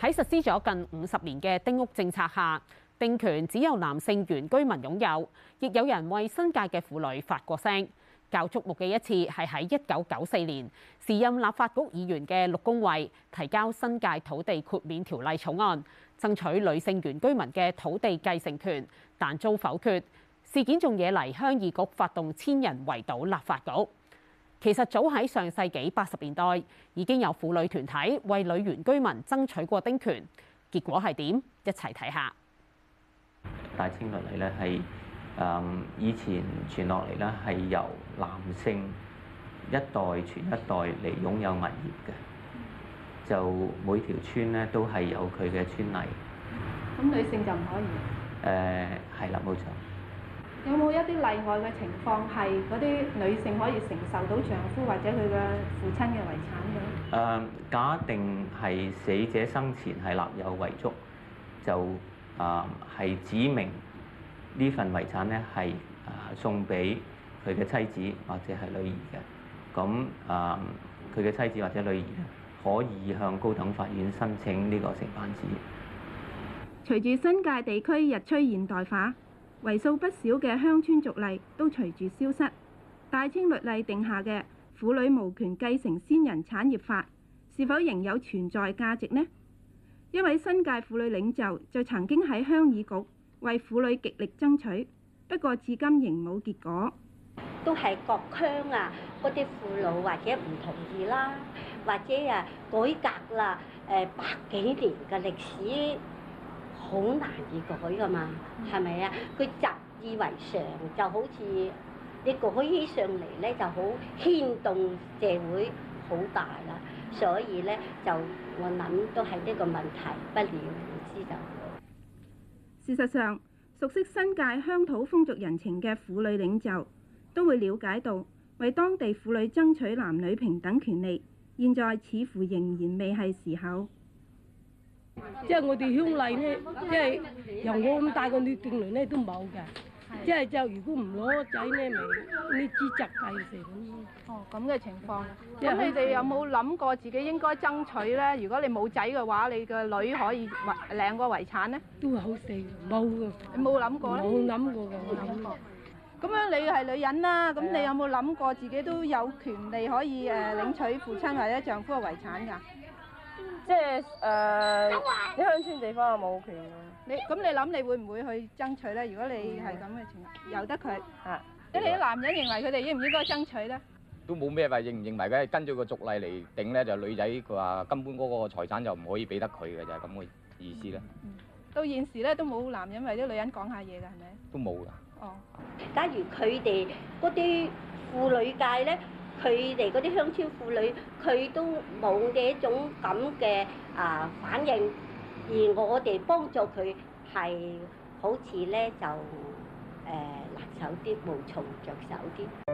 喺實施咗近五十年嘅丁屋政策下，丁權只有男性原居民擁有，亦有人為新界嘅婦女發過聲。較觸目嘅一次係喺一九九四年，時任立法局議員嘅陸恭蕙提交新界土地豁免條例草案，爭取女性原居民嘅土地繼承權，但遭否決。事件仲惹嚟鄉議局發動千人圍堵立法局。其實早喺上世紀八十年代已經有婦女團體為女原居民爭取過丁權，結果係點？一齊睇下。大清律例咧係誒以前傳落嚟咧係由男性一代傳一代嚟擁有物業嘅，就每條村咧都係有佢嘅村例。咁女性就唔可以？誒係啦，冇錯。有冇一啲例外嘅情況係嗰啲女性可以承受到丈夫或者佢嘅父親嘅遺產嘅？假定係死者生前係立有遺囑，就誒係、呃、指明呢份遺產咧係送俾佢嘅妻子或者係女兒嘅。咁佢嘅妻子或者女兒可以向高等法院申請呢個承辦紙。隨住新界地區日趨現代化。為數不少嘅鄉村族例都隨住消失，大清律例定下嘅婦女無權繼承先人產業法，是否仍有存在價值呢？一位新界婦女領袖就曾經喺鄉議局為婦女極力爭取，不過至今仍冇結果。都係各鄉啊，嗰啲父老或者唔同意啦，或者啊改革啦，百幾年嘅歷史。好難以改噶嘛，係咪啊？佢習以為常，就好似你改起上嚟咧，就好牽動社會好大啦。所以咧，就我諗都係呢個問題不了了之就。事實上，熟悉新界鄉土風俗人情嘅婦女領袖，都會了解到，為當地婦女爭取男女平等權利，現在似乎仍然未係時候。即係我哋兄弟咧，即係由我咁大個女定嚟咧都冇嘅，是的 即係就如果唔攞仔咧，咪呢資質繼承咁咯。哦，咁嘅情況。咁你哋有冇諗過自己應該爭取咧？如果你冇仔嘅話，你個女可以領個遺產咧？都好似，冇嘅。你冇諗過咧？冇諗過嘅，冇諗過。咁樣你係女人啦，咁你有冇諗過自己都有權利可以誒領取父親或者丈夫嘅遺產噶？即係誒，啲鄉村地方啊冇權嘅。你咁你諗，你會唔會去爭取咧？如果你係咁嘅情況，由得佢。啊！你啲男人認為佢哋應唔應該爭取咧？都冇咩話認唔認為嘅，跟住個俗例嚟定咧，就女仔佢話根本嗰個財產就唔可以俾得佢嘅，就係咁嘅意思咧。嗯，到現時咧都冇男人為啲女人講下嘢噶，係咪？都冇噶。哦，假如佢哋嗰啲婦女界咧？佢哋嗰啲鄉村婦女，佢都冇嘅一種咁嘅啊反應。而我哋幫助佢係好似咧就誒辣、呃、手啲，無從着手啲。